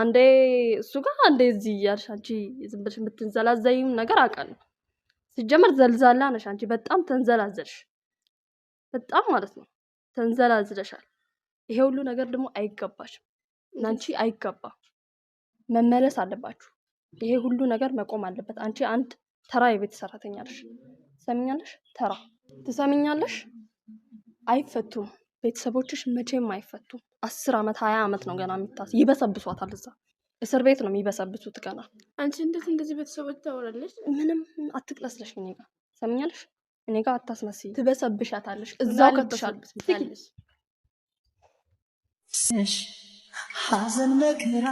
አንዴ እሱ ጋር አንዴ እዚህ እያልሽ አንቺ ዝም ብለሽ የምትንዘላዘይም ነገር አውቃለሁ። ሲጀመር ዘልዛላ ነሽ አንቺ። በጣም ተንዘላዘልሽ፣ በጣም ማለት ነው ተንዘላዝለሻል። ይሄ ሁሉ ነገር ደግሞ አይገባሽም፣ ለአንቺ አይገባ፣ መመለስ አለባችሁ። ይሄ ሁሉ ነገር መቆም አለበት። አንቺ አንድ ተራ የቤት ሰራተኛ ነሽ። ትሰሚኛለሽ? ተራ ትሰሚኛለሽ? አይፈቱም። ቤተሰቦችሽ መቼም አይፈቱም። አስር ዓመት ሀያ ዓመት ነው ገና የሚታስ ይበሰብሷታል። እዛ እስር ቤት ነው የሚበሰብሱት ገና። አንቺ እንዴት እንደዚህ ቤተሰቦች ታወራለች? ምንም አትቅለስለሽ። እኔ ጋ ሰምኛለሽ። እኔ ጋ አታስመስ ትበሰብሻታለሽ፣ እዛው ከትሻለሽ። ሀዘን መከራ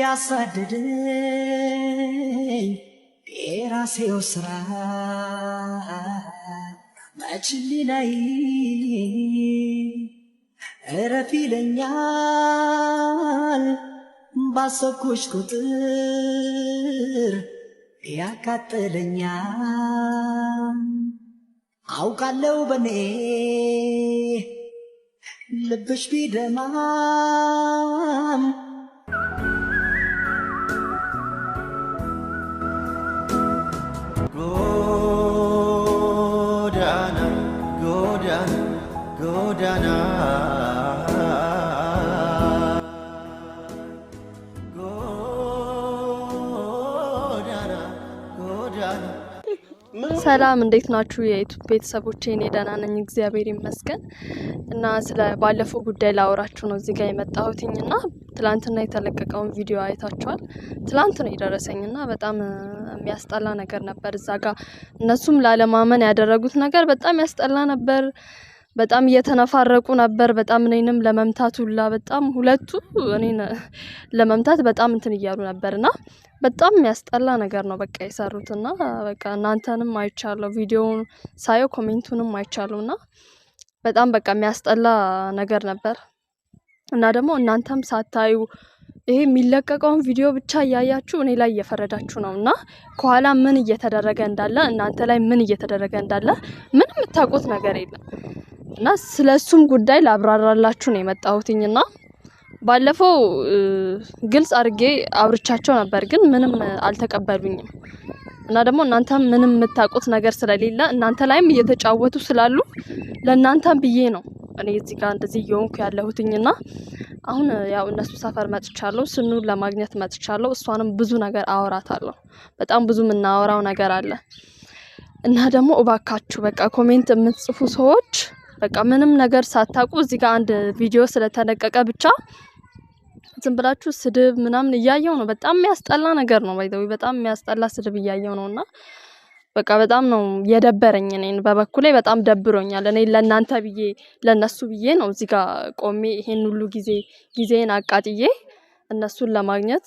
ያሳደደኝ የራሴው ስራ መችሊ ናይ እረፍ ይለኛል ባሰብኩሽ ቁጥር ያቃጠለኛል። አውቃለው በኔ ልብሽ ቢደማም ጎዳና ሰላም እንዴት ናችሁ? የዩቱብ ቤተሰቦቼ፣ እኔ ደህና ነኝ እግዚአብሔር ይመስገን። እና ስለ ባለፈው ጉዳይ ላወራችሁ ነው እዚህ ጋር የመጣሁትኝ እና ትላንትና የተለቀቀውን ቪዲዮ አይታችኋል። ትላንት ነው የደረሰኝ እና በጣም የሚያስጠላ ነገር ነበር። እዛ ጋር እነሱም ላለማመን ያደረጉት ነገር በጣም ያስጠላ ነበር። በጣም እየተነፋረቁ ነበር። በጣም እኔንም ለመምታት ሁላ በጣም ሁለቱ እኔን ለመምታት በጣም እንትን እያሉ ነበር እና በጣም የሚያስጠላ ነገር ነው በቃ የሰሩትና በቃ እናንተንም አይቻለሁ፣ ቪዲዮውን ሳየው ኮሜንቱንም እና በጣም በቃ የሚያስጠላ ነገር ነበር እና ደግሞ እናንተም ሳታዩ ይሄ የሚለቀቀውን ቪዲዮ ብቻ እያያችሁ እኔ ላይ እየፈረዳችሁ ነው እና ከኋላ ምን እየተደረገ እንዳለ እናንተ ላይ ምን እየተደረገ እንዳለ ምን የምታውቁት ነገር የለም። እና ስለ እሱም ጉዳይ ላብራራላችሁ ነው የመጣሁትኝ እና ባለፈው ግልጽ አድርጌ አውርቻቸው ነበር፣ ግን ምንም አልተቀበሉኝም። እና ደግሞ እናንተም ምንም የምታውቁት ነገር ስለሌለ እናንተ ላይም እየተጫወቱ ስላሉ ለእናንተም ብዬ ነው እኔ እዚህ ጋር እንደዚህ እየሆንኩ ያለሁትኝና አሁን ያው እነሱ ሰፈር መጥቻለሁ። ስኑ ለማግኘት መጥቻለሁ። እሷንም ብዙ ነገር አወራታለሁ። በጣም ብዙ የምናወራው ነገር አለ እና ደግሞ እባካችሁ በቃ ኮሜንት የምትጽፉ ሰዎች በቃ ምንም ነገር ሳታውቁ እዚህ ጋር አንድ ቪዲዮ ስለተለቀቀ ብቻ ዝም ብላችሁ ስድብ ምናምን እያየው ነው። በጣም የሚያስጠላ ነገር ነው። ባይዘው በጣም የሚያስጠላ ስድብ እያየው ነው እና በቃ በጣም ነው የደበረኝ። እኔን በበኩሌ በጣም ደብሮኛል። እኔ ለእናንተ ብዬ ለእነሱ ብዬ ነው እዚህ ጋር ቆሜ ይሄን ሁሉ ጊዜ ጊዜን አቃጥዬ እነሱን ለማግኘት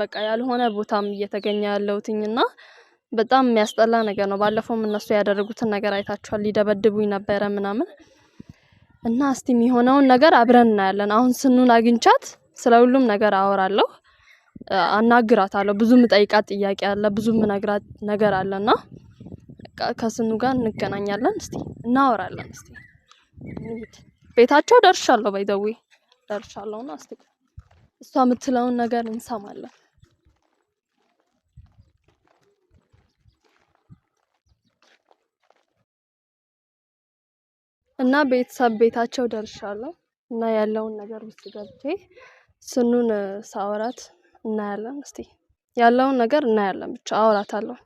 በቃ ያልሆነ ቦታም እየተገኘ ያለሁትኝና በጣም የሚያስጠላ ነገር ነው። ባለፈውም እነሱ ያደረጉትን ነገር አይታችኋል። ሊደበድቡኝ ነበረ ምናምን እና እስቲ የሚሆነውን ነገር አብረን እናያለን። አሁን ስኑን አግኝቻት ስለ ሁሉም ነገር አወራለሁ፣ አናግራታለሁ። ብዙ ምጠይቃት ጥያቄ አለ፣ ብዙ ምነግራት ነገር አለ እና ከስኑ ጋር እንገናኛለን። እስቲ እናወራለን። እስቲ ቤታቸው ደርሻለሁ፣ ባይዘዌ ደርሻለሁና እስቲ እሷ የምትለውን ነገር እንሰማለን። እና ቤተሰብ ቤታቸው ደርሻለሁ እና ያለውን ነገር ውስጥ ገብቼ ስኑን ሳወራት እናያለን። እስቲ ያለውን ነገር እናያለን ብቻ አወራታለሁ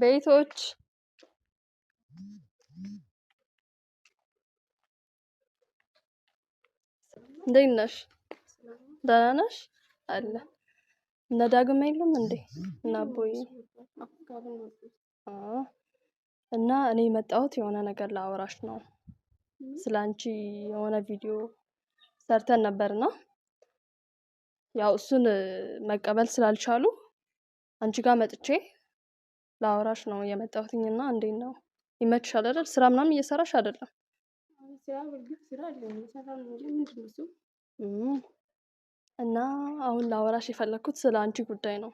ቤቶች እንዴት ነሽ? ደህና ነሽ? አለ እነ ዳግም የሉም እንዴ? እና አቦዬ እና እኔ የመጣሁት የሆነ ነገር ለአውራሽ ነው። ስለ አንቺ የሆነ ቪዲዮ ሰርተን ነበርና ያው እሱን መቀበል ስላልቻሉ አንቺ ጋር መጥቼ ለአውራሽ ነው የመጣሁትኝ እና እንዴት ነው ይመችሻል አይደል? ስራ ምናምን እየሰራሽ አይደለም? እና አሁን ለአውራሽ የፈለግኩት ስለ አንቺ ጉዳይ ነው።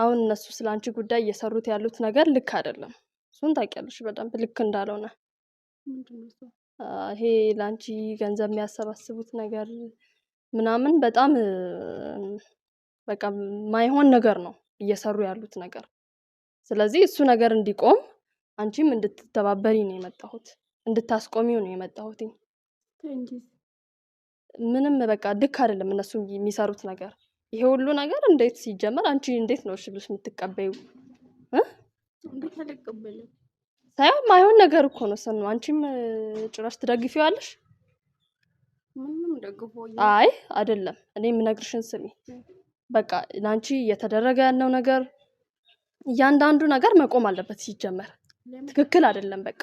አሁን እነሱ ስለ አንቺ ጉዳይ እየሰሩት ያሉት ነገር ልክ አይደለም። እሱን ታውቂያለሽ በደንብ ልክ እንዳልሆነ። ይሄ ለአንቺ ገንዘብ የሚያሰባስቡት ነገር ምናምን በጣም በቃ ማይሆን ነገር ነው እየሰሩ ያሉት ነገር ስለዚህ እሱ ነገር እንዲቆም አንቺም እንድትተባበሪ ነው የመጣሁት፣ እንድታስቆሚው ነው የመጣሁት ምንም በቃ ልክ አይደለም እነሱ የሚሰሩት ነገር። ይሄ ሁሉ ነገር እንዴት ሲጀመር አንቺ እንዴት ነው እሺ ብለሽ የምትቀበዩ? ሳይሆን ማይሆን ነገር እኮ ነው ሰኑ። አንቺም ጭራሽ ትደግፊዋለሽ? አይ አይደለም። እኔ የምነግርሽን ስሚ። በቃ ለአንቺ እየተደረገ ያለው ነገር እያንዳንዱ ነገር መቆም አለበት። ሲጀመር ትክክል አይደለም። በቃ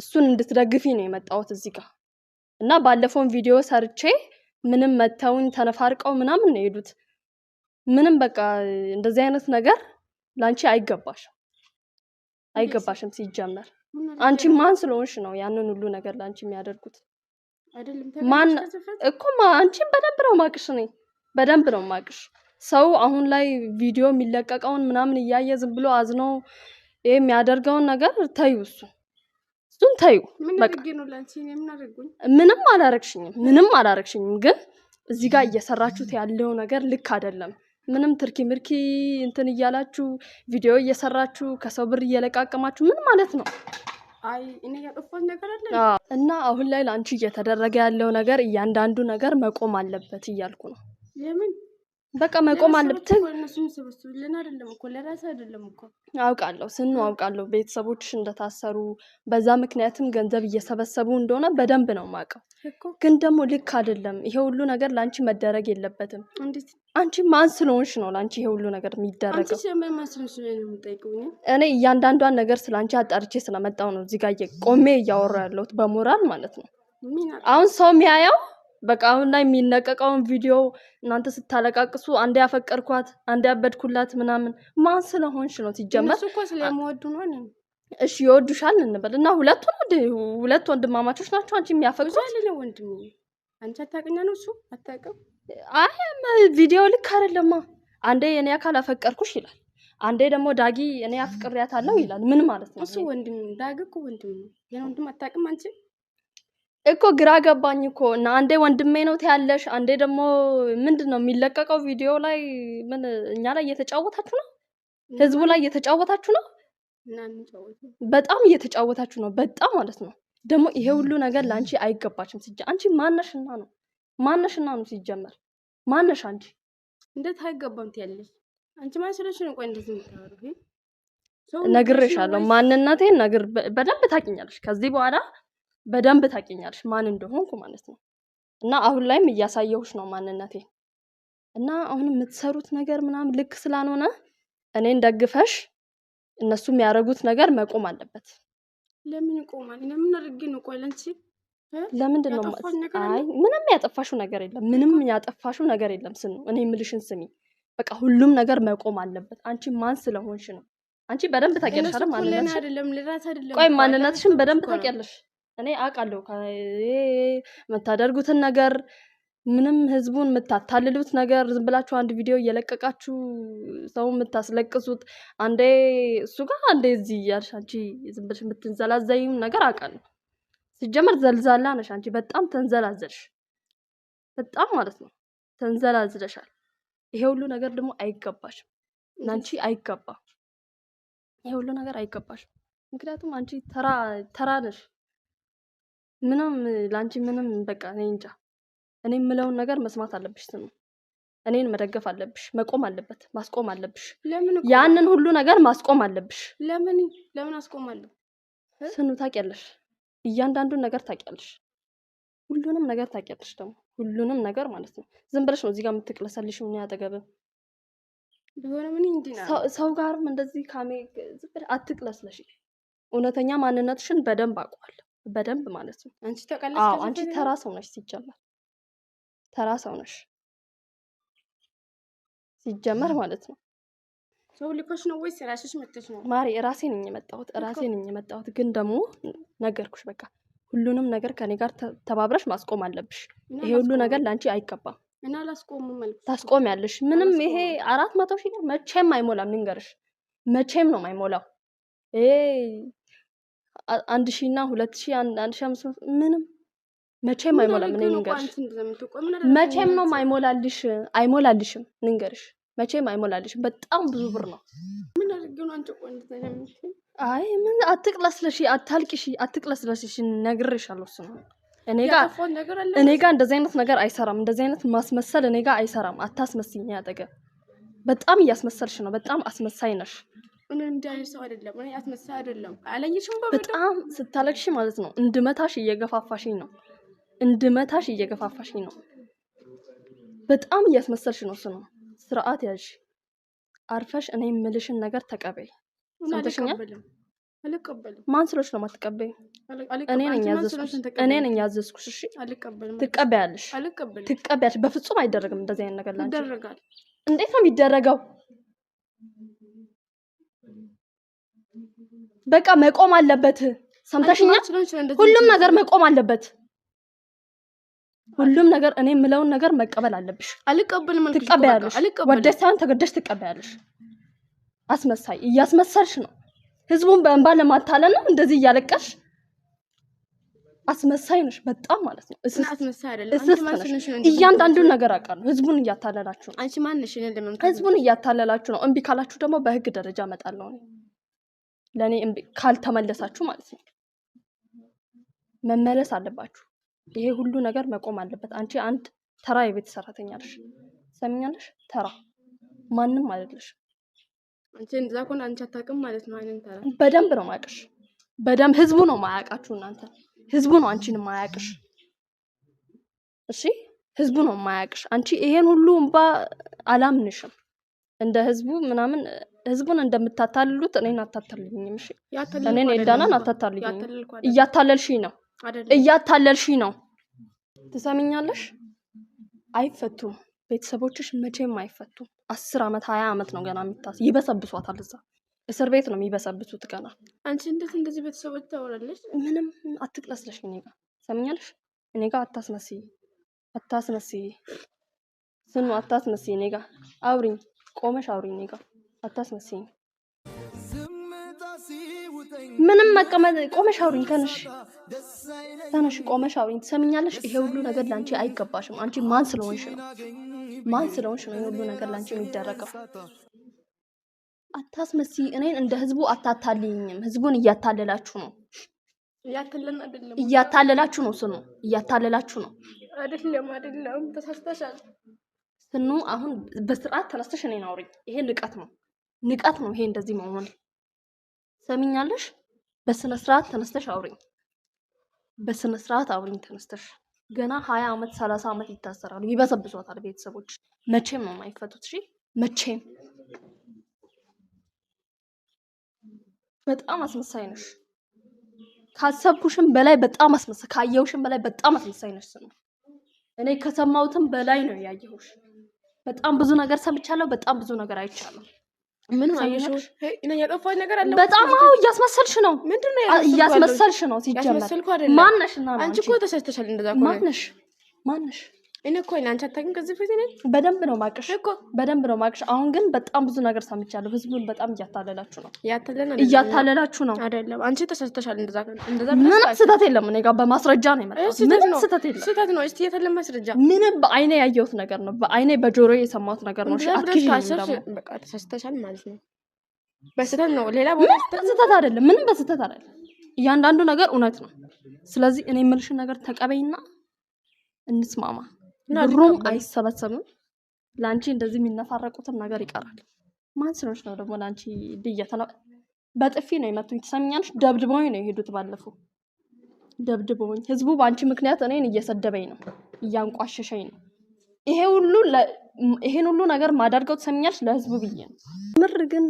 እሱን እንድትደግፊ ነው የመጣሁት እዚህ ጋር እና ባለፈውን ቪዲዮ ሰርቼ ምንም መተውኝ ተነፋርቀው ምናምን ነው የሄዱት። ምንም በቃ እንደዚህ አይነት ነገር ለአንቺ አይገባሽም፣ አይገባሽም። ሲጀመር አንቺ ማን ስለሆንሽ ነው ያንን ሁሉ ነገር ለአንቺ የሚያደርጉት? ማን እኮ አንቺን በደንብ ነው ማቅሽ፣ እኔ በደንብ ነው ማቅሽ። ሰው አሁን ላይ ቪዲዮ የሚለቀቀውን ምናምን እያየ ዝም ብሎ አዝኖ ይሄ የሚያደርገውን ነገር ተዩ። እሱ እሱን ተዩ። ምንም አላረግሽኝም፣ ምንም አላረግሽኝም። ግን እዚህ ጋር እየሰራችሁት ያለው ነገር ልክ አይደለም። ምንም ትርኪ ምርኪ እንትን እያላችሁ ቪዲዮ እየሰራችሁ ከሰው ብር እየለቃቀማችሁ ምን ማለት ነው? እና አሁን ላይ ለአንቺ እየተደረገ ያለው ነገር እያንዳንዱ ነገር መቆም አለበት እያልኩ ነው። በቃ መቆም አለብትን አውቃለሁ፣ ስኑ አውቃለሁ። ቤተሰቦችሽ እንደታሰሩ በዛ ምክንያትም ገንዘብ እየሰበሰቡ እንደሆነ በደንብ ነው የማውቀው። ግን ደግሞ ልክ አይደለም። ይሄ ሁሉ ነገር ለአንቺ መደረግ የለበትም። አንቺ ማን ስለሆንሽ ነው ለአንቺ ይሄ ሁሉ ነገር የሚደረገው? እኔ እያንዳንዷን ነገር ስለ አንቺ አጣርቼ ስለመጣው ነው እዚህ ቆሜ እያወራ ያለሁት በሞራል ማለት ነው። አሁን ሰው የሚያየው በቃ አሁን ላይ የሚነቀቀውን ቪዲዮ እናንተ ስታለቃቅሱ አንድ ያፈቀርኳት አንድ ያበድኩላት ምናምን ማን ስለሆንሽ ነው? ሲጀመር እነሱ እኮ ስለሚወዱ ነው። እሺ ይወዱሻል እንበል እና ሁለቱ ሁለት ወንድማማቾች ናቸው። አንቺ የሚያፈቅሩት ወንድም አንቺ አታቀኛ ነው እሱ አታውቅም። አይ ቪዲዮ ልክ አይደለማ። አንዴ የኔ አካል አፈቀርኩሽ ይላል፣ አንዴ ደግሞ ዳጊ እኔ አፍቅሬያታለሁ ይላል። ምን ማለት ነው? እሱ ወንድም ዳጊ እኮ ወንድም ነው። የወንድም አታውቅም አንቺ እኮ ግራ ገባኝ እኮ እና አንዴ ወንድሜ ነው ትያለሽ፣ አንዴ ደግሞ ምንድን ነው የሚለቀቀው ቪዲዮ ላይ ምን እኛ ላይ እየተጫወታችሁ ነው፣ ህዝቡ ላይ እየተጫወታችሁ ነው። በጣም እየተጫወታችሁ ነው፣ በጣም ማለት ነው። ደግሞ ይሄ ሁሉ ነገር ለአንቺ አይገባችም። ሲጀ አንቺ ማነሽና ነው ማነሽና ነው ሲጀመር ማነሽ አንቺ እንዴት አይገባም ትያለሽ? አንቺ ማንስለሽ ነው። ቆይ እንደዚህ ነግሬሻለሁ፣ ማንነቴን ነግር በደንብ ታውቂኛለሽ ከዚህ በኋላ በደንብ ታውቂኛለሽ ማን እንደሆንኩ ማለት ነው። እና አሁን ላይም እያሳየሁሽ ነው ማንነቴ። እና አሁን የምትሰሩት ነገር ምናምን ልክ ስላልሆነ እኔን ደግፈሽ እነሱ የሚያደርጉት ነገር መቆም አለበት። ለምን ይቆማል? ለምን አድርጌ ነው? ቆይ ለአንቺ ለምንድን ነው? አይ ምንም ያጠፋሽው ነገር የለም። ምንም ያጠፋሽው ነገር የለም። ስኑ እኔ የምልሽን ስሚ። በቃ ሁሉም ነገር መቆም አለበት። አንቺ ማን ስለሆንሽ ነው። አንቺ በደንብ ታውቂያለሽ። ማንነት አይደለም። ቆይ ማንነትሽን በደንብ ታውቂያለሽ። እኔ አውቃለሁ የምታደርጉትን ነገር ምንም ህዝቡን የምታታልሉት ነገር ዝም ብላችሁ አንድ ቪዲዮ እየለቀቃችሁ ሰው የምታስለቅሱት አንዴ እሱ ጋር አንዴ እዚህ እያልሽ አንቺ ዝም ብለሽ የምትንዘላዘይም ነገር አውቃለሁ። ሲጀመር ዘልዛላ ነሽ አንቺ። በጣም ተንዘላዘልሽ፣ በጣም ማለት ነው ተንዘላዝለሻል። ይሄ ሁሉ ነገር ደግሞ አይገባሽም፣ ለአንቺ አይገባ። ይሄ ሁሉ ነገር አይገባሽም፣ ምክንያቱም አንቺ ተራ ተራ ነሽ። ምንም ለአንቺ ምንም በቃ እኔ እንጃ። እኔ የምለውን ነገር መስማት አለብሽ። ስም እኔን መደገፍ አለብሽ። መቆም አለበት፣ ማስቆም አለብሽ። ያንን ሁሉ ነገር ማስቆም አለብሽ? ለምን ለምን አስቆማለሁ? ስኑ ታውቂያለሽ፣ እያንዳንዱን ነገር ታውቂያለሽ፣ ሁሉንም ነገር ታውቂያለሽ። ደግሞ ሁሉንም ነገር ማለት ነው። ዝም ብለሽ ነው እዚህ ጋር የምትቅለሰልሽ። ምን ያጠገብም ቢሆነ ምን ሰው ጋርም እንደዚህ ካሜ ዝም አትቅለስለሽ። እውነተኛ ማንነትሽን በደንብ አውቀዋለሁ። በደንብ ማለት ነው። አንቺ ታውቃለሽ። አዎ አንቺ ተራ ሰው ነሽ ሲጀመር፣ ተራ ሰው ነሽ ሲጀመር ማለት ነው። ሰው ልኮሽ ነው ወይስ ራስሽ መጥተሽ ነው? ማሪ ራሴ ነኝ የመጣሁት፣ ራሴ ነኝ የመጣሁት። ግን ደግሞ ነገርኩሽ፣ በቃ ሁሉንም ነገር ከኔ ጋር ተባብረሽ ማስቆም አለብሽ። ይሄ ሁሉ ነገር ለአንቺ አይገባም። እና ላስቆም ታስቆም ያለሽ ምንም ይሄ አራት መቶ ሺህ መቼም አይሞላም፣ ንገርሽ መቼም ነው የማይሞላው። አንድ ሺ እና ሁለት ሺ አንድ ሺ አምስት መቶ ምንም መቼም አይሞላም። እኔ ልንገርሽ መቼም ነው አይሞላልሽ፣ አይሞላልሽም። ልንገርሽ መቼም አይሞላልሽም። በጣም ብዙ ብር ነው። አይ ምን አትቅለስለሽ፣ አታልቅሽ፣ አትቅለስለሽ። ነግሬሻለሁ። እሱ ነው እኔ ጋር እኔ ጋር እንደዚህ አይነት ነገር አይሰራም። እንደዚህ አይነት ማስመሰል እኔ ጋር አይሰራም። አታስመስኝ። አጠገብ በጣም እያስመሰልሽ ነው። በጣም አስመሳይ ነሽ። እኔ እንዳይነት ሰው አይደለም። እኔ አትመሳይ አይደለም። አለኝሽም በጣም ስታለቅሽ ማለት ነው። እንድመታሽ እየገፋፋሽኝ ነው። እንድመታሽ እየገፋፋሽኝ ነው። በጣም እያስመሰልሽ ነው። ስኖ ስርዓት ያዥ። አርፈሽ እኔ የምልሽን ነገር ተቀበይ። ሰምተሽኛል? ማን ስለሽ ነው የማትቀበይው? እኔ ነኝ ያዘዝኩሽ። እሺ ትቀበያለሽ። ትቀበያለሽ። በፍጹም አይደረግም እንደዚህ አይነት ነገር ላንቺ። እንዴት ነው የሚደረገው? በቃ መቆም አለበት። ሰምተሽኛል? ሁሉም ነገር መቆም አለበት። ሁሉም ነገር እኔ የምለውን ነገር መቀበል አለብሽ። አልቀበልም። ትቀበያለሽ። ወደሽ ሳይሆን ተገደሽ ትቀበያለሽ። አስመሳይ እያስመሰልሽ ነው። ህዝቡን በእንባ ለማታለል ነው እንደዚህ እያለቀሽ። አስመሳይ ነሽ በጣም ማለት ነው። እያንዳንዱን ነገር አውቃለሁ። ህዝቡን እያታለላችሁ ነው። ህዝቡን እያታለላችሁ ነው። እምቢ ካላችሁ ደግሞ በህግ ደረጃ እመጣለሁ። ለእኔ ካልተመለሳችሁ ማለት ነው መመለስ አለባችሁ። ይሄ ሁሉ ነገር መቆም አለበት። አንቺ አንድ ተራ የቤት ሰራተኛ ነሽ፣ ሰሚኛለሽ? ተራ ማንም አይደለሽ። አንቺ እንደዛ ከሆነ አንቺ አታውቅም ማለት ነው። አይነን ተራ በደንብ ነው ማያውቅሽ፣ በደንብ ህዝቡ ነው ማያውቃችሁ። እናንተ ህዝቡ ነው አንቺን ማያውቅሽ። እሺ፣ ህዝቡ ነው ማያውቅሽ። አንቺ ይሄን ሁሉ እንባ አላምንሽም። እንደ ህዝቡ ምናምን ህዝቡን እንደምታታልሉት እኔን አታታልኝም። እሺ እኔን ኤልዳናን አታታልኝም። እያታለልሽኝ ነው፣ እያታለልሽኝ ነው። ትሰምኛለሽ? አይፈቱም። ቤተሰቦችሽ መቼም አይፈቱም። አስር ዓመት ሀያ ዓመት ነው ገና የሚታስ ይበሰብሷታል። እዛ እስር ቤት ነው የሚበሰብሱት ገና። አንቺ እንዴት እንደዚህ ቤተሰቦች ታወራለች? ምንም አትቅለስለሽ። እኔ ጋ ትሰምኛለሽ? እኔ ጋ አታስመስይ፣ አታስመስይ፣ ስኑ፣ አታስመስይ። እኔ ጋ አውሪኝ ቆመሽ አውሪ እኔ ጋር አታስመስኝ። ምንም መቀመጥ ቆመሽ አውሪኝ። ተነሽ ተነሽ፣ ቆመሽ አውሪኝ። ትሰምኛለሽ? ይሄ ሁሉ ነገር ለአንቺ አይገባሽም። አንቺ ማን ስለሆንሽ ነው? ማን ስለሆንሽ ነው ይሄ ሁሉ ነገር ለአንቺ የሚደረገው? አታስመሲ። እኔን እንደ ህዝቡ አታታልኝም። ህዝቡን እያታለላችሁ ነው። እያታለላችሁ ነው። ስኑ እያታለላችሁ ነው። አይደለም፣ አይደለም፣ ተሳስተሻል። ስኑ አሁን በስርዓት ተነስተሽ እኔን አውሪኝ። ይሄ ንቀት ነው፣ ንቀት ነው። ይሄ እንደዚህ መሆን ሰሚኛለሽ? በስነ ስርዓት ተነስተሽ አውሪኝ፣ በስነ ስርዓት አውሪኝ ተነስተሽ። ገና ሀያ ዓመት ሰላሳ አመት ይታሰራሉ፣ ይበሰብሷታል ቤተሰቦች። መቼም ነው የማይፈቱት። እሺ መቼም በጣም አስመሳይ ነሽ። ካሰብኩሽም በላይ በጣም አስመሳይ፣ ካየሁሽም በላይ በጣም አስመሳይ ነሽ። ስኑ እኔ ከሰማሁትም በላይ ነው ያየሁሽ። በጣም ብዙ ነገር ሰምቻለሁ። በጣም ብዙ ነገር አይቻለሁ። ምን አየሽ? ነገር አለ። በጣም እያስመሰልሽ ነው። ምንድን ነው እያስመሰልሽ ነው? ሲጀመር ማነሽ? እና አንቺ እኮ እንደዛ ማነሽ? ማነሽ እኔ እኮ አንቺ አታውቂም። ከዚህ በፊት እኔ በደንብ ነው ማቅሽ እኮ በደንብ ነው ማቅሽ። አሁን ግን በጣም ብዙ ነገር ሰምቻለሁ። ህዝቡን በጣም እያታለላችሁ ነው፣ እያታለላችሁ ነው አይደለም? አንቺ ተሰተሻል። እንደዛ ምንም ስህተት የለም። እኔ ጋር በማስረጃ ነው የመጣሁት። ምንም ስህተት የለም። ስህተት ነው። እስቲ የተለም ማስረጃ ምንም በአይኔ ያየሁት ነገር ነው፣ በአይኔ በጆሮ የሰማሁት ነገር ነው። ተሰተሻል ማለት ነው። በስህተት ነው። ሌላ ቦታ ስህተት አይደለም። ምንም በስህተት አይደለም። እያንዳንዱ ነገር እውነት ነው። ስለዚህ እኔ የምልሽን ነገር ተቀበይና እንስማማ። ብሩም አይሰበሰብም። ለአንቺ እንደዚህ የሚነፋረቁትም ነገር ይቀራል። ማን ስሎች ነው ደግሞ ለአንቺ ድየት ነው። በጥፊ ነው የመቱኝ። ትሰሚኛለሽ? ደብድበውኝ ነው የሄዱት። ባለፉ ደብድበውኝ፣ ህዝቡ በአንቺ ምክንያት እኔን እየሰደበኝ ነው፣ እያንቋሸሸኝ ነው። ይሄ ሁሉ ይሄን ሁሉ ነገር ማደርገው ትሰሚኛለሽ? ለህዝቡ ብዬ ነው። ምር ግን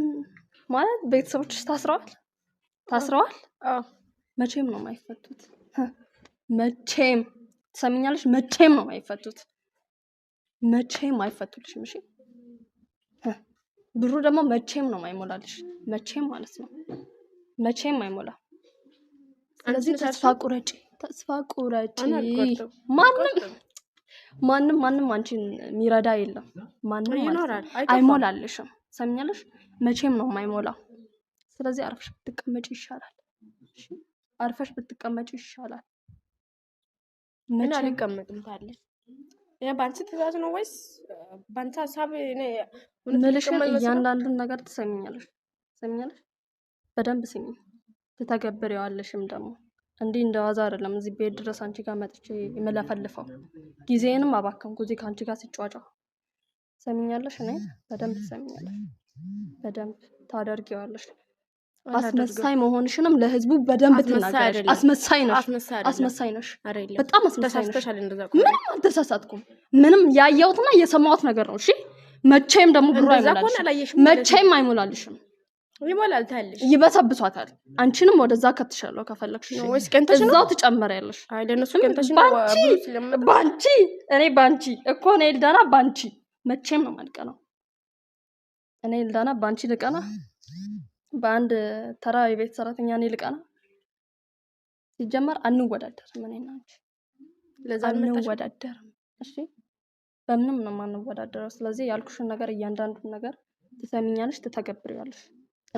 ማለት ቤተሰቦች ታስረዋል፣ ታስረዋል። መቼም ነው የማይፈቱት መቼም ትሰሚኛለሽ? መቼም ነው አይፈቱት፣ መቼም አይፈቱልሽም። እሺ ብሩ ደግሞ መቼም ነው ማይሞላልሽ፣ መቼም ማለት ነው መቼም አይሞላ። ስለዚህ ተስፋ ቁረጪ፣ ተስፋ ቁረጪ። ማንም ማንም ማንም አንቺን የሚረዳ የለም። ማንም ይኖራል፣ አይሞላልሽም። ሰምኛለሽ? መቼም ነው የማይሞላው። ስለዚህ አርፈሽ ብትቀመጪ ይሻላል። አርፈሽ ብትቀመጪ ይሻላል። ምን አልቀመጥም ታለች። በአንቺ ትእዛዝ ነው ወይስ ሀሳብ? እያንዳንዱን ነገር ትሰሚኛለሽ፣ ትሰሚኛለሽ፣ በደንብ ስሚ፣ ትተገብሪዋለሽም ደግሞ እንዲህ እንደዋዛ አይደለም። እዚህ ቤት ድረስ አንቺ ጋር መጥቼ የምለፈልፈው ጊዜንም አባከንኩ እዚህ ከአንቺ ጋር እኔ በደንብ በደንብ ታደርጊዋለሽ። አስመሳይ መሆንሽንም ለህዝቡ በደንብ ትናገረሽ። አስመሳይ ነሽ፣ አስመሳይ ነሽ፣ በጣም አስመሳይ ነሽ። ምንም አልተሳሳትኩም። ምንም ያየሁትና የሰማሁት ነገር ነው። እሺ መቼም ደግሞ ብሩ አይሞላልሽም፣ መቼም አይሞላልሽም። ይሞላልታለሽ፣ ይበሰብሷታል። አንቺንም ወደዛ ከትሻለሁ ከፈለግሽ፣ እዛው ትጨመሪያለሽ። ባንቺ እኔ ባንቺ እኮ እኔ ልዳና ባንቺ መቼም ነው ማልቀ ነው እኔ ልዳና ባንቺ ልቀና በአንድ ተራ የቤት ሰራተኛ እኔ ልቀና? ሲጀመር አንወዳደር ምን ናቸው ለዛ አንወዳደርም። እሺ በምንም ነው የማንወዳደረው። ስለዚህ ያልኩሽን ነገር እያንዳንዱን ነገር ትሰሚኛለሽ፣ ትተገብሪያለሽ፣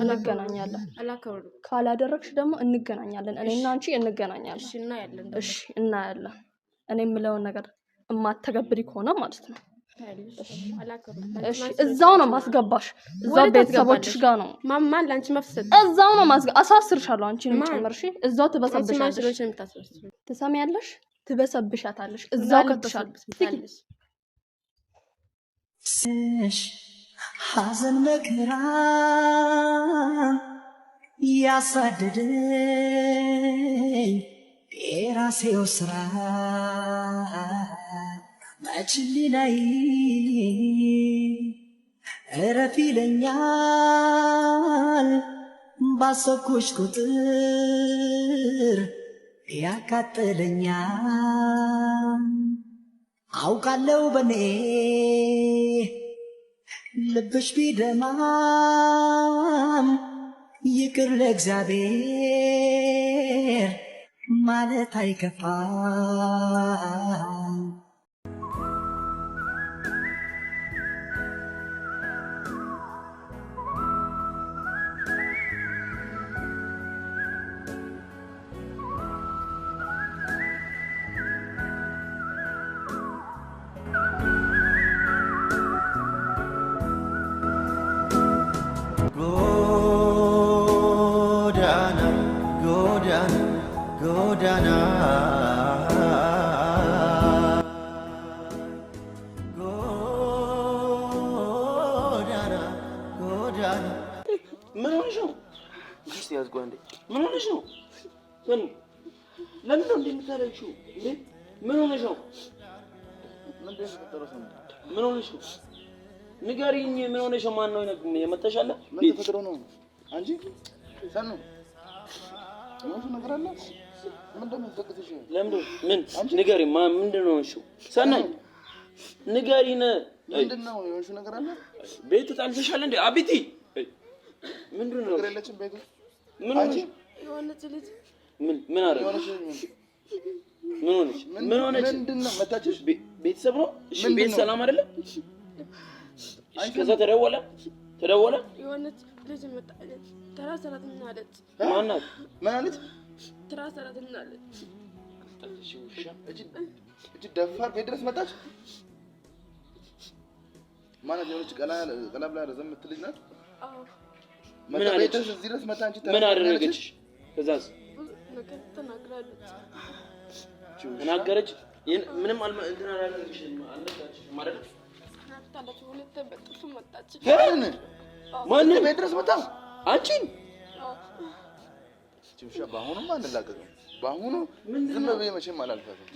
እንገናኛለን። ካላደረግሽ ደግሞ እንገናኛለን። እኔ እና አንቺ እንገናኛለን። እሺ እናያለን። እኔ የምለውን ነገር የማተገብሪ ከሆነ ማለት ነው እዛው ነው ማስገባሽ። እዛው ቤተሰቦችሽ ጋር ነው ማማን ላንቺ መፍሰድ። እዛው ነው አሳስርሻለሁ አንቺን እዛው ትበሰብሻለሽ። ትሰሚያለሽ? ትበሰብሻታለሽ። እዛው ሐዘን መከራ ያሳደደኝ የራሴው ስራ መችሊ ናይ እረፍ ይለኛል ባሰብኩሽ ቁጥር ያቃጠለኛል። አውቃለው በኔ ልብሽ ቢደማም ይቅር ለእግዚአብሔር ማለት አይከፋም። ጎዳና ጎዳና ጎዳና ምን ሆነሽ ነው? እስኪ ያዝኩ አንዴ። ምን ሆነሽ ነው? ለምን ነው እንደምታለቅሺው? ምን ሆነሽ ነው? ምን ሆነሽ ነው? ንገሪኝ። ምን ሆነሽ ነው? ማነው የመጣሽ? ምን ተፈጥሮ ነው? አንቺ ሰኑ ነገር አለ ምን ንገሪኝ። ምንድን ነው እሺ? ሰናይ ንገሪን። ምንድን ነው እንዴ? አቤቲ ምንድን ነው ምን ምን ምን ምን ሆነች? ምን ሆነች? ቤተሰብ ነው እሺ። ቤት ሰላም አይደለም። ከዛ ተደወለ ተደወለ የሆነች ልጅ መጣ። ተራ ሰራተኛ አለች። ማናት? ማናት ትራስ አረግናለች። ውሻ እጅ ደፋር ቤት ድረስ መጣች። ማለት የሆነች ቀላ ብላ ረዘም የምትልጅ ናት። እዚህ ድረስ መጣ። ምን አደረገች? ከዛስ ተናገረች። ምንም ማንን ቤት ድረስ መጣ አንቺን ቺምሻ በአሁኑም አንላቀቅም። በአሁኑ ዝም ብዬ መቼም አላልፋትም።